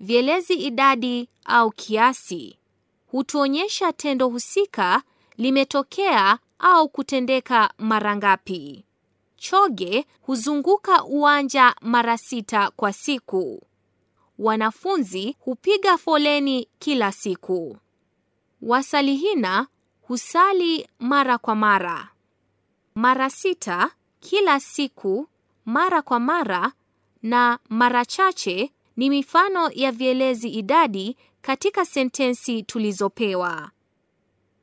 Vielezi idadi au kiasi hutuonyesha tendo husika limetokea au kutendeka mara ngapi. Choge huzunguka uwanja mara sita kwa siku. Wanafunzi hupiga foleni kila siku. Wasalihina husali mara kwa mara. Mara sita kila siku, mara kwa mara na mara chache ni mifano ya vielezi idadi katika sentensi tulizopewa.